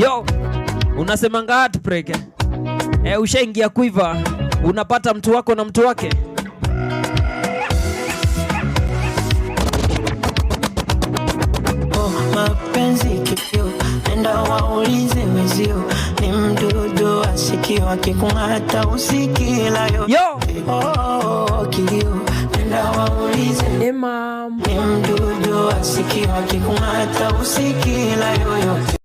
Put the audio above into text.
Yo, unasemanga heartbreak e, eh? Eh, ushaingia kuiva, unapata mtu wako na mtu wake oh, mapenzi enda waulize wezio, ni mdudu asikio, akikung'ata Yo, oh, kilio, enda waulize ni mdudu asikio, akikung'ata